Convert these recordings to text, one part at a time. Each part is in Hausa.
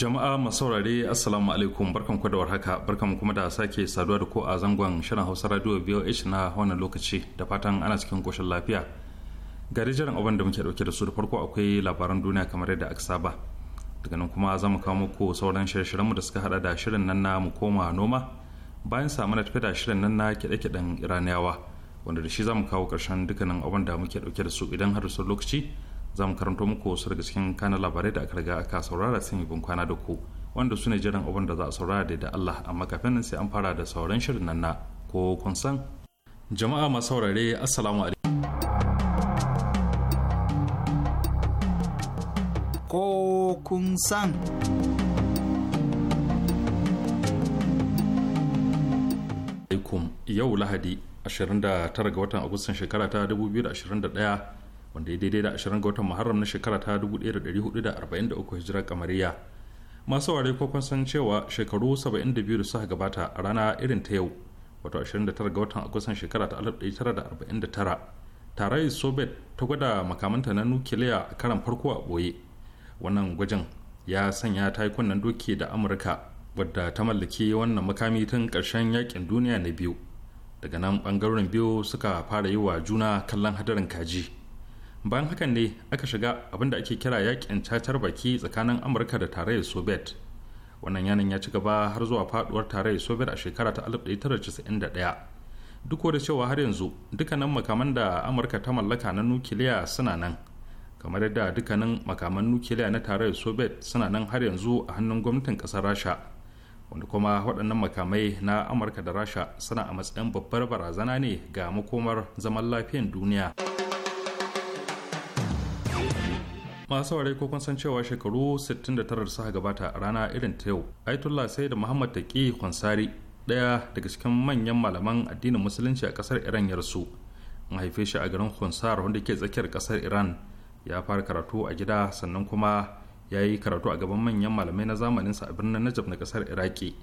jama'a masaurare assalamu alaikum barkan ku da warhaka barkan kuma da sake saduwa da ku a zangon shirin hausa radio voh na wannan lokaci da fatan ana cikin koshin lafiya ga jiran abin da muke dauke da su da farko akwai labaran duniya kamar yadda aka saba daga nan kuma za mu kawo muku sauran shirye-shiryenmu da suka hada da shirin nan na mu koma noma bayan samu na tafi da shirin nan na kiɗe-kiɗen iraniyawa wanda da shi za mu kawo ƙarshen dukkanin abin da muke dauke da su idan har sun lokaci za mu karanto muku wasu daga cikin kanan labarai da aka riga aka saurara sun yi kwana da ku wanda su ne jiran abin da za a saurara da Allah amma kafin nan sai an fara da sauran shirin nan na ko kun san jama'a masu saurare assalamu alaikum ko kun san yau lahadi 29 ga watan agustan shekara ta 2021 wanda ya daidai da 20 ga watan muharram na shekara ta 1443 hijira kamariya masu ware ko san cewa shekaru 72 da suka gabata a rana irin ta yau wato 29 ga watan agustan shekara ta 1949 tarayi soviet ta gwada makamanta na nukiliya a karan farko a boye wannan gwajin ya sanya ta yi kunnen doki da amurka wadda ta mallaki wannan makami tun ƙarshen yakin duniya na biyu daga nan ɓangaren biyu suka fara yi wa juna kallon hadarin kaji bayan hakan ne aka shiga abin da ake kira yakin cacar baki tsakanin amurka da tarayyar soviet wannan yanin ya ci gaba har zuwa faduwar tarayyar soviet a shekara ta 1991 duk da cewa har yanzu dukkanin makaman da amurka ta mallaka na nukiliya suna nan kamar yadda dukkanin makaman nukiliya na tarayyar soviet suna nan har yanzu a hannun gwamnatin kasar rasha wanda kuma waɗannan makamai na amurka da rasha suna a matsayin babbar barazana ne ga makomar zaman lafiyan duniya. masu ware ko kun san cewa shekaru 69 suka gabata a rana irin ta yau aitullah sai da muhammad ke kwansari daya daga cikin manyan malaman addinin musulunci a kasar iran ya rasu in haife shi a garin kwansar wanda ke tsakiyar kasar iran ya fara karatu a gida sannan kuma ya yi karatu a gaban manyan malamai na zamanin zamaninsa a birnin najab na kasar iraki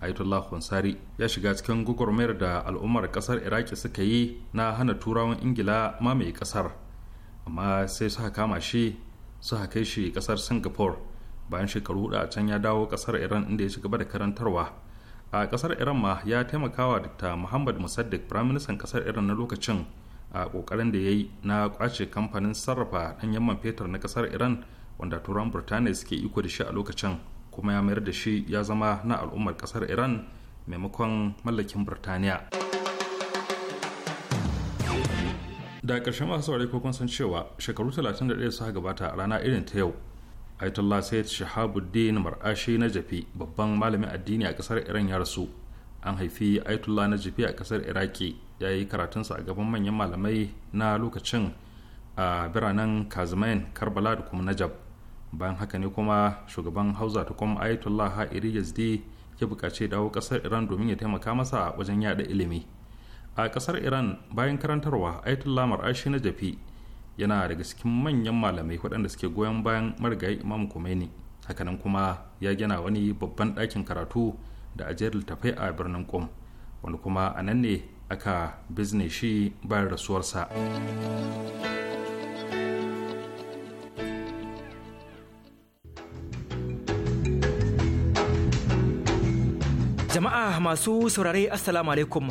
aitullah kwansari ya shiga cikin gwagwarmayar da al'ummar kasar iraki suka yi na hana turawan ingila mamaye kasar amma sai suka kama shi suka kai shi kasar singapore bayan shekaru hudu a can ya dawo kasar iran inda ya ci gaba da karantarwa a kasar iran ma ya taimakawa dr muhammad musaddiq firaministan kasar iran na lokacin a kokarin da ya yi na kwace kamfanin sarrafa ɗanyen man fetur na kasar iran wanda turan burtaniya suke iko da shi a lokacin kuma ya mayar da shi ya zama na al'ummar kasar iran maimakon mallakin burtaniya da karshen masu saurari ko san cewa shekaru 31 suka gabata a rana irin ta yau ayatollah sayyid shahabuddin mar'ashi na jafi babban malamin addini a kasar iran ya rasu an haifi ayatollah na jafi a kasar iraki ya yi karatunsa a gaban manyan malamai na lokacin a biranen kazmain karbala da kuma najab bayan haka ne kuma shugaban hausa ta kuma ayatollah ha'iri yazdi ya buƙaci dawo ƙasar iran domin ya taimaka masa wajen yada ilimi a ƙasar iran bayan karantarwa ayatollah mar'ashi na jafi yana daga cikin manyan malamai waɗanda suke goyon bayan marigayi imam khomeini hakanan kuma ya gina wani babban ɗakin karatu da ajiyar littafai a birnin kom wani kuma a nan ne aka bizne shi bayan rasuwarsa jama'a masu saurare assalamu alaikum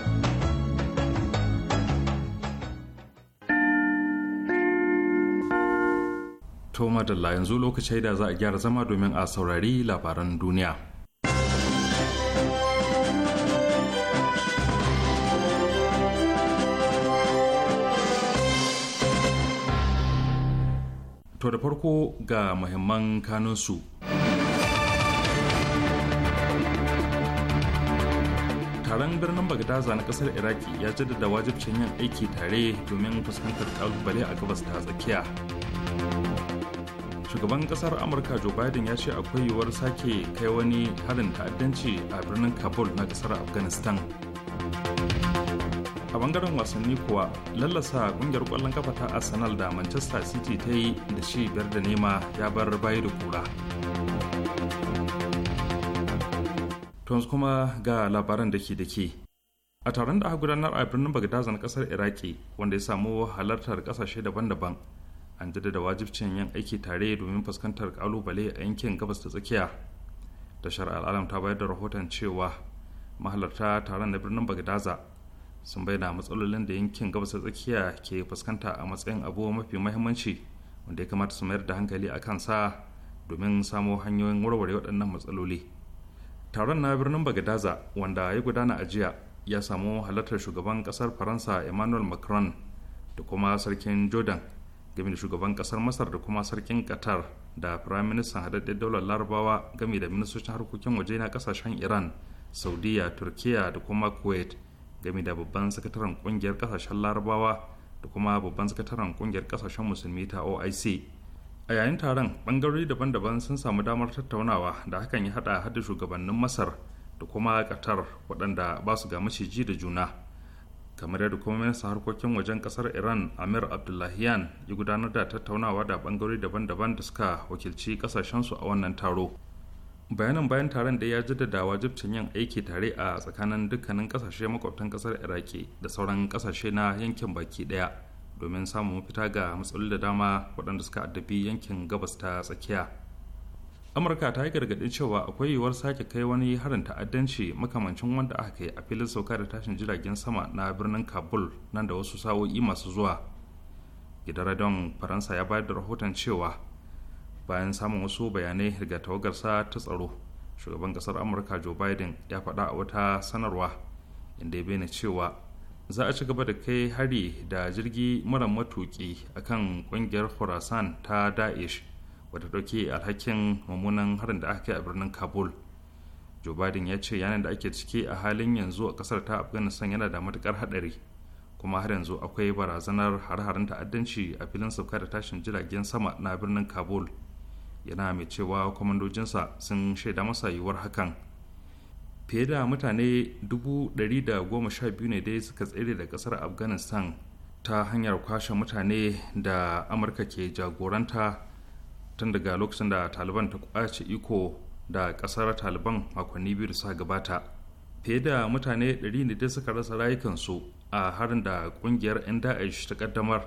To madalla yanzu lokacin da za a gyara zama domin a saurari labaran duniya. To da farko ga muhimman kanunsu. taron birnin bagdaza na kasar iraki ya jaddada wajibcin yin aiki tare domin fuskantar kalubale a gabas ta tsakiya shugaban kasar amurka joe biden ya ce akwai yiwuwar sake kai wani harin ta'addanci a birnin kabul na kasar afghanistan a bangaren wasanni kuwa lallasa kungiyar kwallon kafa ta arsenal da manchester city ta yi da shi biyar da nema ya bar bayi da kura tons kuma ga labaran da ke da ke a taron da aka gudanar a birnin bagdad na kasar iraki wanda ya samu halartar kasashe daban-daban an da wajibcin yin aiki tare domin fuskantar kalubale a yankin gabas ta tsakiya tashar al'alam ta bayar da rahoton cewa mahalarta taron na birnin bagdaza sun da matsalolin da yankin gabas ta tsakiya ke fuskanta a matsayin abu mafi mahimmanci wanda ya kamata su mayar da hankali a kansa domin samo hanyoyin warware waɗannan matsaloli taron na birnin bagdaza wanda ya gudana a jiya ya samu halartar shugaban ƙasar faransa emmanuel macron da kuma sarkin jordan game da shugaban kasar masar da kuma sarkin qatar da firayim ministan haɗaɗɗen daular larabawa game da ministocin harkokin waje na kasashen iran saudiya turkiya da kuma kuwait game da babban sakataren kungiyar kasashen larabawa da kuma babban sakataren kungiyar kasashen musulmi ta oic a yayin taron bangarori daban-daban sun samu damar tattaunawa da hakan ya hada hada shugabannin masar da kuma qatar waɗanda ba su ga maciji da juna kamar yadda kuma minista harkokin wajen kasar iran amir abdullahiyan ya gudanar da tattaunawa da bangarori daban-daban da suka wakilci kasashensu a wannan taro bayanan bayan taron da ya jaddada wajibcin yin aiki tare a tsakanin dukkanin kasashe makwabtan kasar iraki da sauran kasashe na yankin baki daya domin samun mafita ga matsaloli da dama waɗanda suka addabi yankin gabas ta tsakiya amurka ta yi gargaɗi cewa akwai yiwuwar sake kai wani harin ta'addanci makamancin wanda aka yi a filin sauka da tashin jiragen sama na birnin kabul nan da wasu sa'o'i masu zuwa gidan radon faransa ya bayar da rahoton cewa bayan samun wasu bayanai daga sa ta tsaro shugaban kasar amurka joe biden ya faɗa a wata sanarwa inda ya bayyana cewa za a ci gaba da kai hari da jirgi mara matuki akan ƙungiyar khorasan ta daesh wadda dauke alhakin mummunan harin da aka kai a birnin kabul joe biden ya ce yanayin da ake ciki a halin yanzu a ƙasar ta afghanistan yana da matukar haɗari, kuma har yanzu akwai barazanar har-haren ta'addanci a filin sauka da tashin jiragen sama na birnin kabul yana mai cewa kwamandojinsa sun shaida masa yiwuwar hakan fiye da mutane 112 ne dai suka tsere da kasar afghanistan ta hanyar kwashe mutane da amurka ke jagoranta tun daga lokacin da taliban ta kwace iko da kasar taliban makonni biyu da sa gabata fiye da mutane 100 suka rasa rayukansu a harin da kungiyar 'yan da'ish ta kaddamar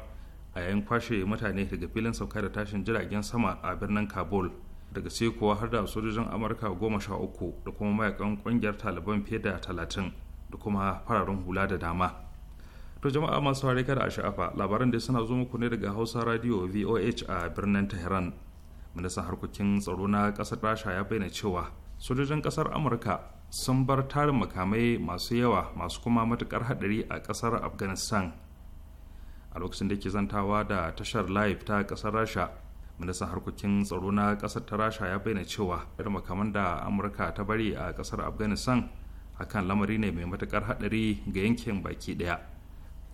a yayin kwashe mutane daga filin sauka da tashin jiragen sama a birnin kabul daga sai kuwa har da sojojin amurka goma sha uku da kuma mayakan kungiyar taliban fiye da talatin da kuma fararen hula da dama to jama'a masu kada a sha'afa labaran da suna zo muku ne daga hausa radio voh a birnin tehran ministan harkokin tsaro na kasar rasha ya bayyana cewa sojojin kasar amurka sun bar tarin makamai masu yawa masu kuma matukar hadari a kasar afghanistan a lokacin da ke zantawa da tashar live ta kasar rasha ministan harkokin tsaro na kasar ta rasha ya bayyana cewa irin makaman da amurka ta bari a kasar afghanistan akan lamari ne mai matukar hadari ga yankin baki daya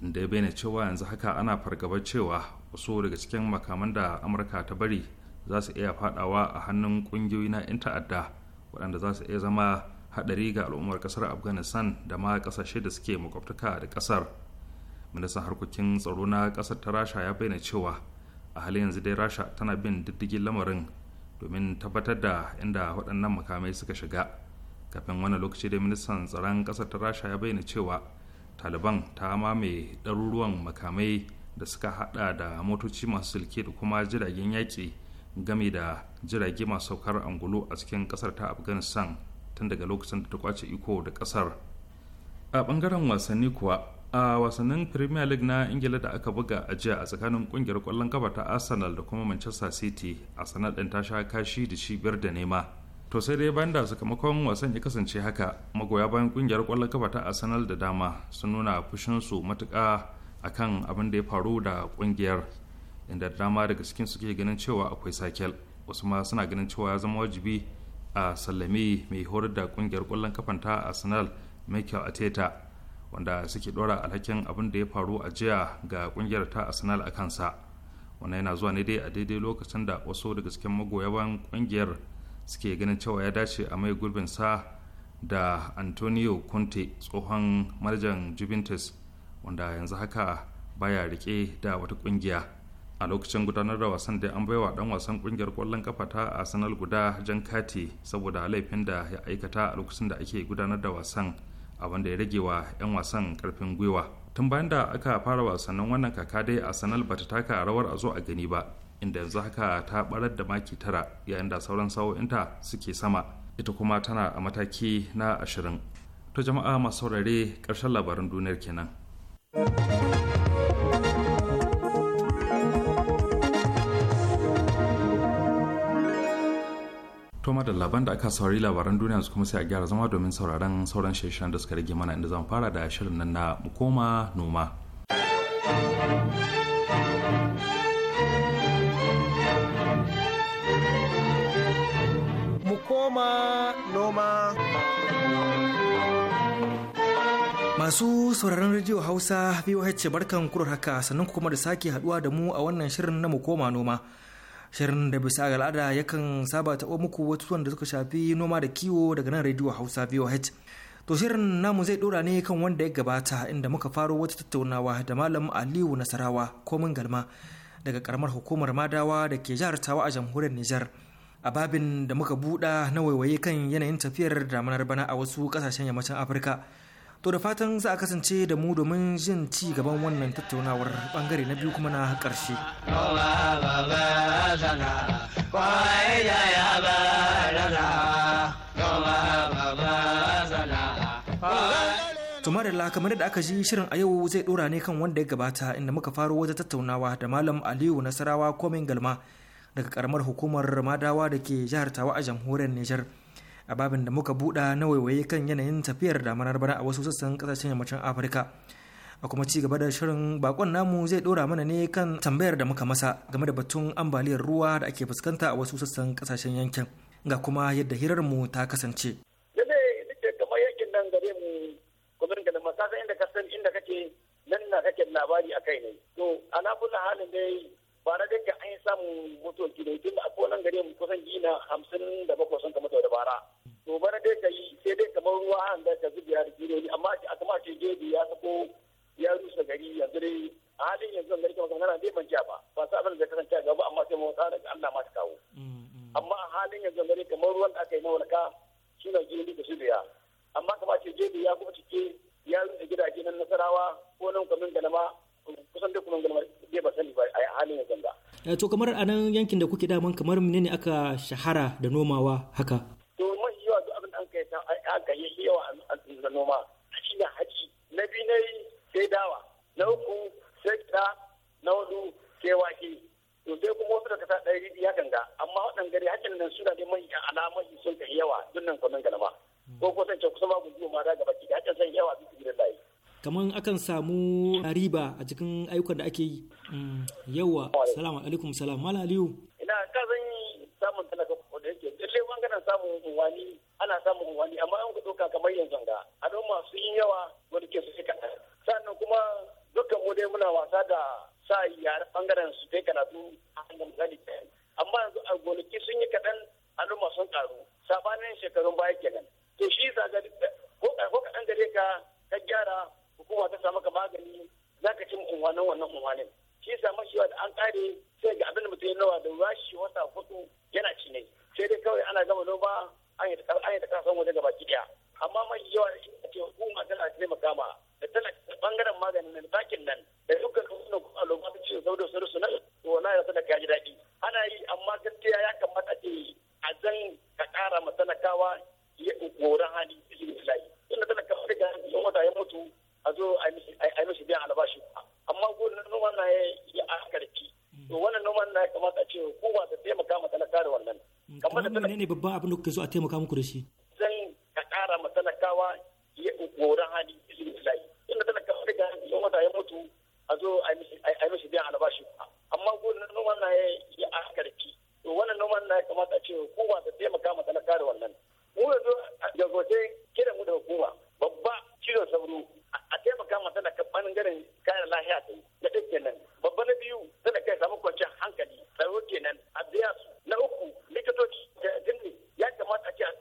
inda ya bayyana cewa yanzu haka ana fargabar cewa wasu daga cikin makaman da amurka ta bari za su iya fadawa a hannun kungiyoyi na 'yan ta'adda waɗanda za su iya zama haɗari ga al'ummar ƙasar afghanistan da ma ƙasashe da suke makwabtaka da ƙasar ministan harkokin tsaro na ƙasar ta rasha ya bayyana cewa a halin yanzu dai rasha tana bin diddigin lamarin domin tabbatar da inda waɗannan makamai suka shiga kafin wani lokaci da ministan tsaron ƙasar ta rasha ya bayyana cewa taliban ta mamaye ɗaruruwan makamai da suka haɗa da motoci masu silke da kuma jiragen yaƙi game da jirage masu saukar angulo a cikin kasar ta afghanistan tun daga lokacin da ta kwace iko da kasar a bangaren wasanni kuwa a wasannin premier league na ingila da aka buga a jiya a tsakanin kungiyar kwallon kafa ta arsenal da kuma manchester city a sanadin ta sha kashi da shi biyar da nema to sai dai bayan da sakamakon wasan ya kasance haka magoya bayan kungiyar kwallon kafa ta arsenal da dama sun nuna fushinsu matuka akan abin da ya faru da kungiyar inda dama daga cikin suke ganin cewa akwai sakel wasu ma suna ganin cewa ya zama wajibi a sallami mai horar da kungiyar kwallon kafan ta arsenal michael ateta wanda suke dora alhakin abin da ya faru a jiya ga kungiyar ta arsenal a kansa wannan yana zuwa ne dai a daidai lokacin da wasu daga cikin magoya bayan kungiyar suke ganin cewa ya dace a mai gurbin sa da antonio conte tsohon manajan juventus wanda yanzu haka baya rike da wata kungiya a lokacin gudanar da wasan da an baiwa dan wasan kungiyar kwallon kafa ta arsenal guda jan kati saboda laifin da ya aikata a lokacin da ake gudanar da wasan abin da ya rage wa 'yan wasan karfin gwiwa tun bayan da aka fara wasannin wannan kaka dai arsenal bata taka rawar a zo a gani ba inda yanzu haka ta barar da maki tara yayin da sauran sawo'inta suke sama ita kuma tana a mataki na ashirin to jama'a masu saurare ƙarshen labaran duniyar kenan. to da laban da aka saurari labaran duniya su kuma sai a gyara zama domin sauraron sauran shirin da suka rage mana inda zan fara da shirin nan na mukoma noma Mukoma noma Masu sauraron rediyo Hausa ce barkan kurar haka sannan kuma da sake haduwa da mu a wannan shirin na mu noma shirin da bisa ga al'ada yakan saba taɓa muku wasu da suka shafi noma da kiwo daga nan rediyo hausa voh to shirin namu zai dora ne kan wanda ya gabata inda muka faro wata tattaunawa da malam aliyu nasarawa komin galma daga karamar hukumar madawa da ke jihar tawa a jamhuriyar nijar a babin da muka buɗa na waiwaye kan yanayin tafiyar damanar bana a wasu ƙasashen yammacin afirka To da fatan za a kasance da mu domin jin ci gaban wannan tattaunawar bangare na biyu kuma na ƙarshe. Tumarilla kamar da aka ji shirin a yau zai dora ne kan wanda ya gabata inda muka faro wata tattaunawa da Malam Aliyu Nasarawa Komen Galma daga karamar hukumar Madawa da ke jihar Tawa a jamhuriyar Nijar. a babin da muka buɗa na waiwaye kan yanayin tafiyar damanar bana a wasu sassan kasashen yammacin afirka a kuma ci gaba da shirin bakon namu zai dora mana ne kan tambayar da muka masa game da batun ambaliyar ruwa da ake fuskanta a wasu sassan kasashen yankin ga kuma yadda hirar ta kasance inda kake nan na kake labari a kai ne to kula halin dai ba na dinka an yi samun mutuwar gida tun da akwai nan gare mu kusan gina hamsin da bakwai sun kamata da bara bana dai ka yi sai dai kamar ruwa an da ka zubi ya rikirori amma a kama ce jeji ya sako ya rusa gari yanzu dai a halin yanzu da rike magana dai ban ba ba sa abin da kasance a gaba amma sai mawata daga Allah ma ta kawo mm, mm. amma a halin yanzu da kamar ruwan da aka yi na suna shine gindi da zubiya amma kama ce jeji ya kuma cike ya rusa gidaje na nasarawa ko nan kwamin galama kusan duk kwamin galama dai ba sani ba a halin yanzu da. Eh, to kamar a nan yankin da kuke daman kamar menene aka shahara da nomawa haka. haka ya yi yawa a noma shi na haji na biyu na yi sai dawa na uku sai gida na hudu sai wake to sai kuma wasu daga sa ɗari biyu ya ganga. amma waɗanda gari hakan nan suna da mai alamar sun kai yawa don nan kwanan galama ko kusance kusa ma gungu ma da gaba ki hakan san yawa bisa gidan layi kaman akan samu riba a cikin ayyukan da ake yi mm, yawa salamu alaikum salam mala aliyu ina ka zan yi samun talaka ko da yake lalle bangaren samun wani ana samun wani amma an ku ɗauka kamar yanzu ga al'umma masu yi yawa wani ke su shika sannan kuma dukkan mu dai muna wasa da sa yare bangaren su kai karatu a hanyar misali amma yanzu a gonaki sun yi kaɗan al'umma sun ƙaru sabanin shekarun baya kenan to shi sa ko kaɗan gare ka ka gyara hukuma ta samu ka magani za ka ci unwanin wannan unwanin shi sa mashi da an ƙare sai ga abin da mutum ya nawa da ruwa wata hudu yana ci sai dai kawai ana gama noma an yi da kasan waje gaba ki daya amma mai yawa da a ce ku ne babban abin da kuke so a taimaka muku da shi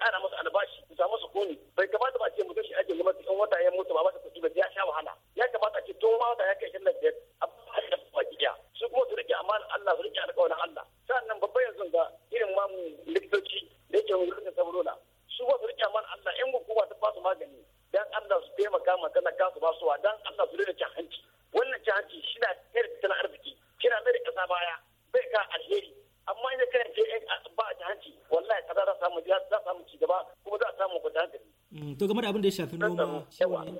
ƙara musu albashi su samu su kone bai kamata ba ce mutum shi ake gwamnati in wata ya mutu ba abin da ya shafi noma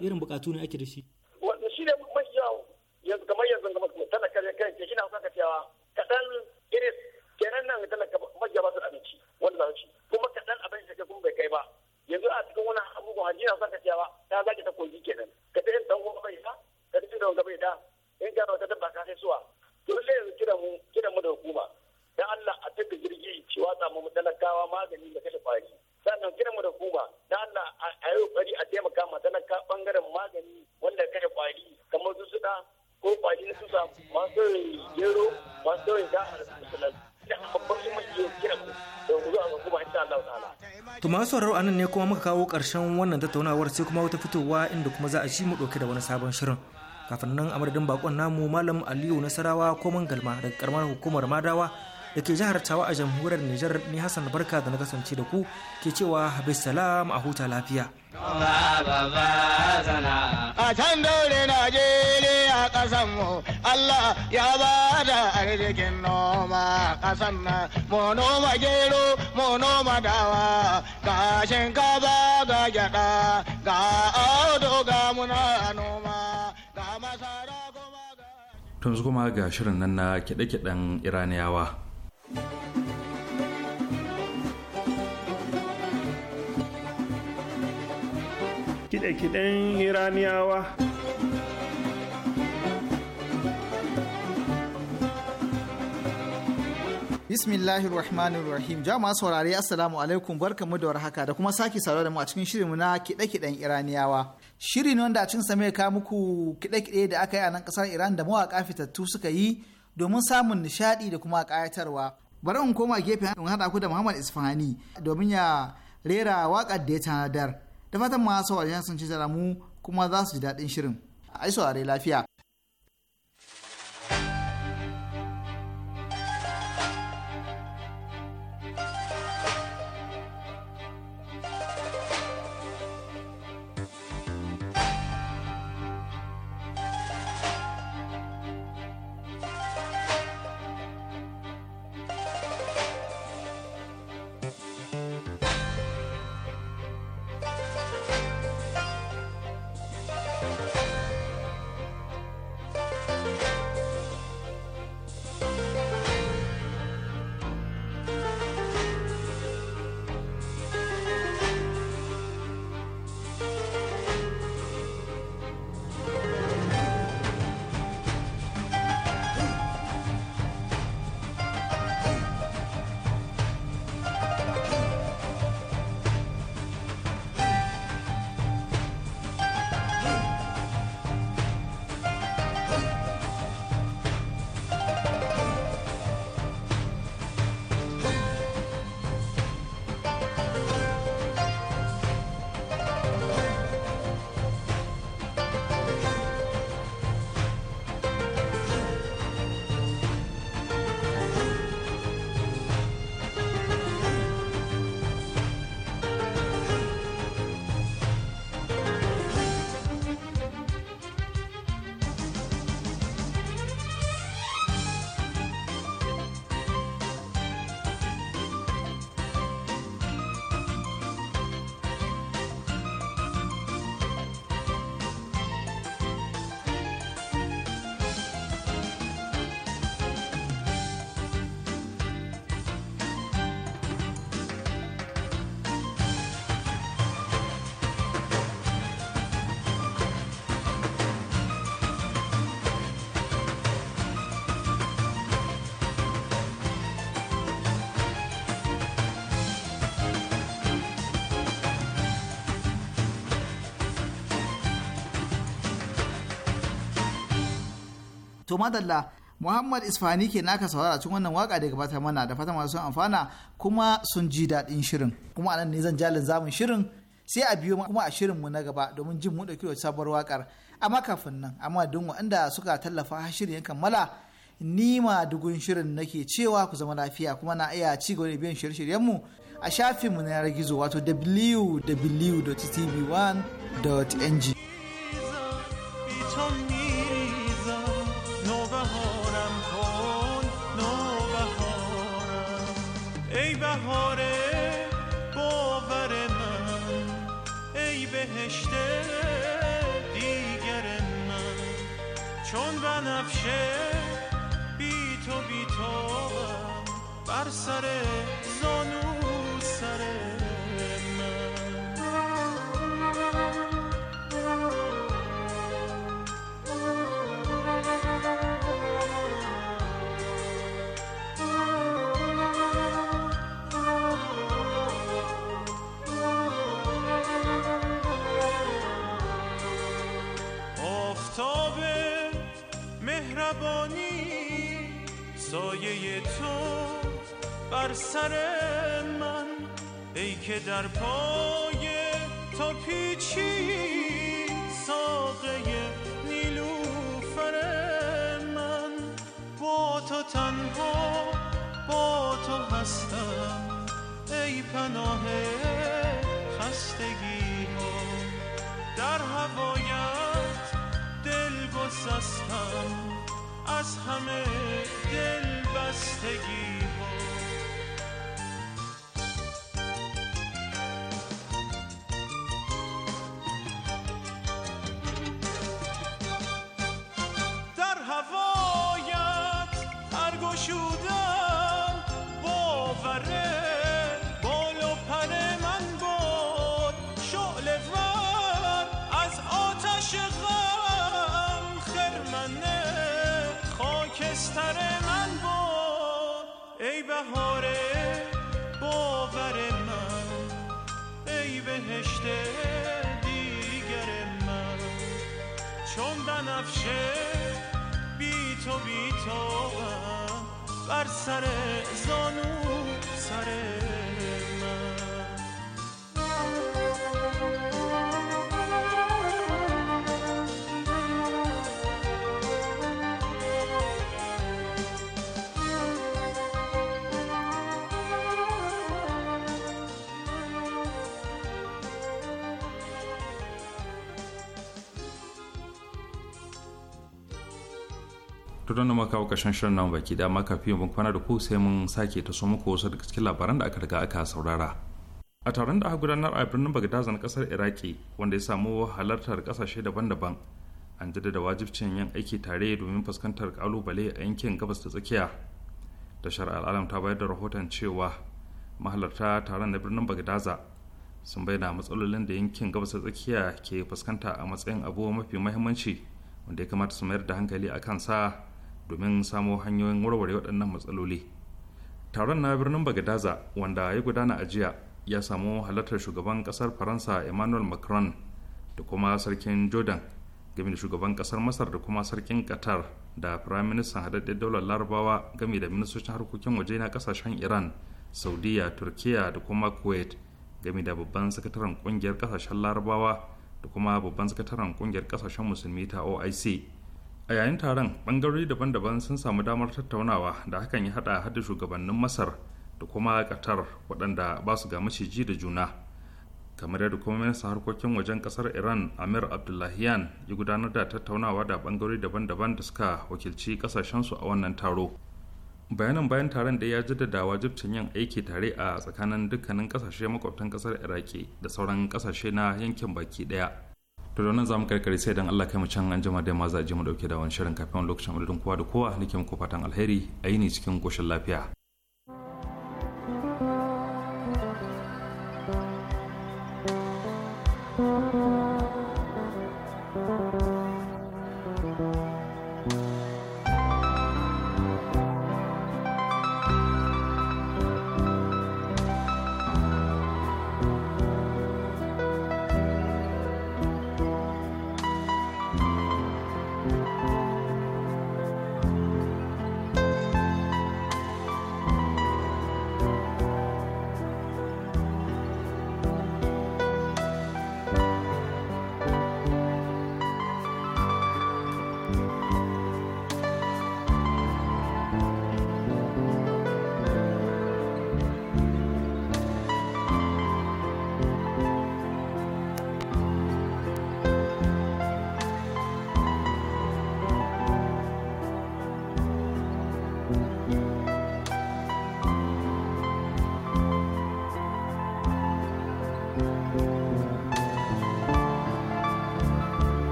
irin bukatu ne ake da shi wanda shi ne mai yawo yanzu kamar yanzu ga tana kare kai ke na saka cewa kadan iris kenan nan talaka majiya ba su abinci wanda za su ci kuma kadan abin da kuma bai kai ba yanzu a cikin wani abubuwan hajji na ka cewa ta zaki ta koyi kenan ka ta yin gobe bai da ka ta da gobe da in ka ta dabba ka sai suwa dole yanzu kira mu kira mu da hukuma dan Allah a tabbata jirgi ci ta mu talakawa magani da kashe kwari To masu sauraro a nan ne kuma muka kawo ƙarshen wannan tattaunawar sai kuma wata fitowa inda kuma za a ci mu ɗauke da wani sabon shirin. Kafin nan a madadin bakon namu Malam Aliyu Nasarawa ko Mangalma daga karamar hukumar Madawa da ke jihar tawa a jamhuriyar Nijar ni Hassan Barka da na kasance da ku ke cewa habis salam a huta lafiya. A can daure Najeriya ƙasan mu Allah ya ba da arzikin noma ƙasan na mu noma gero mu noma dawa ga shinkafa ga gyaɗa ga auto ga muna noma ga masara kuma ga. Tunzu kuma ga shirin nan na kiɗe-kiɗen Iraniyawa. Kide kiden iraniyawa bismillahir rahmanir rahim jama'a saurare assalamu alaikum barkamu da warhaka da kuma sake saurare da mu a cikin shirinmu na kide-kiden iraniyawa shiri ne wanda a cikin same ka muku kiɗe-kiɗe da aka yi a nan kasar iran da mawaka fitattu suka yi domin samun nishaɗi da kuma ƙayatarwa bari in koma gefe in hada ku da muhammad isfahani domin ya rera waƙar da ya tanadar da fatan masu wajen sun ci mu kuma za su ji daɗin shirin. A saurari lafiya. to madalla muhammad isfani ke naka saurara cikin wannan waka da gabatar mana da fatan masu amfana kuma sun ji daɗin shirin kuma anan ne zan jalin zamun shirin sai a biyo kuma a shirin mu na gaba domin jin mu ɗauki sabuwar wakar amma kafin nan amma don wanda suka tallafa har shirin kammala ni ma dugun shirin nake cewa ku zama lafiya kuma na iya ci gaba da biyan shirye mu a shafin mu na yanar gizo wato www.tv1.ng بنفشه بی تو بی تو بر سر زانو سره سایه تو بر سر من ای که در پای تا پیچی ساقه نیلوفر من با تو تنها با تو هستم ای پناه خستگی ها در هوایت دل گسستم از همه دل بستگی ها سر زانو سر turan mu kawo kashin shirin nan baki da amma kafin mun kwana da ku sai mun sake ta so muku wasu daga cikin labaran da aka riga aka saurara a taron da aka gudanar a birnin na kasar iraki wanda ya samu halartar kasashe daban-daban an jaddada wajibcin yin aiki tare domin fuskantar kalubale a yankin gabas da tsakiya tashar al'alam ta bayar da rahoton cewa mahalarta taron na birnin bagdaza sun da matsalolin da yankin gabas da tsakiya ke fuskanta a matsayin abu mafi mahimmanci wanda ya kamata su mayar da hankali a kansa domin samo hanyoyin warware waɗannan matsaloli taron na birnin bagadaza wanda ya gudana a jiya ya samu halartar shugaban ƙasar faransa emmanuel macron da kuma sarkin jordan game da shugaban ƙasar masar da kuma sarkin qatar da firaministan haɗaɗɗen daular larabawa game da ministocin harkokin waje na ƙasashen iran saudiya turkiya da kuma kuwait game da babban sakataren ƙungiyar ƙasashen larabawa da kuma babban sakataren ƙungiyar ƙasashen musulmi ta oic a yayin taron bangarori daban-daban sun samu damar tattaunawa da hakan ya hada hada shugabannin masar da kuma katar waɗanda ba su ga maciji da juna kamar yadda kuma minista harkokin wajen kasar iran amir abdullahiyan ya gudanar da tattaunawa da bangarori daban-daban da suka wakilci kasashensu a wannan taro bayanan bayan taron da ya jaddada wajibcin yin aiki tare a tsakanin dukkanin kasashe makwabtan kasar iraki da sauran kasashe na yankin baki daya da nan mu karkare sai dan Allah kai mu can an jama da ma za mu dauke da wani shirin kafin lokacin mu kowa da kowa nake muku fatan alheri a cikin koshin lafiya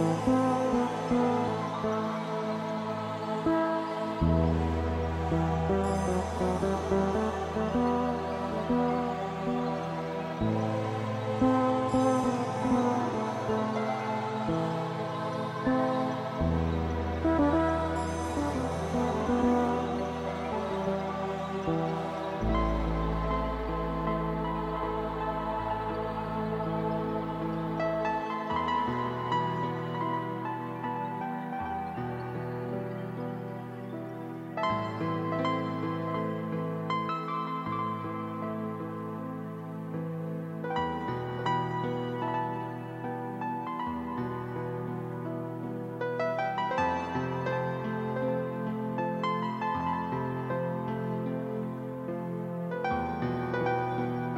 Música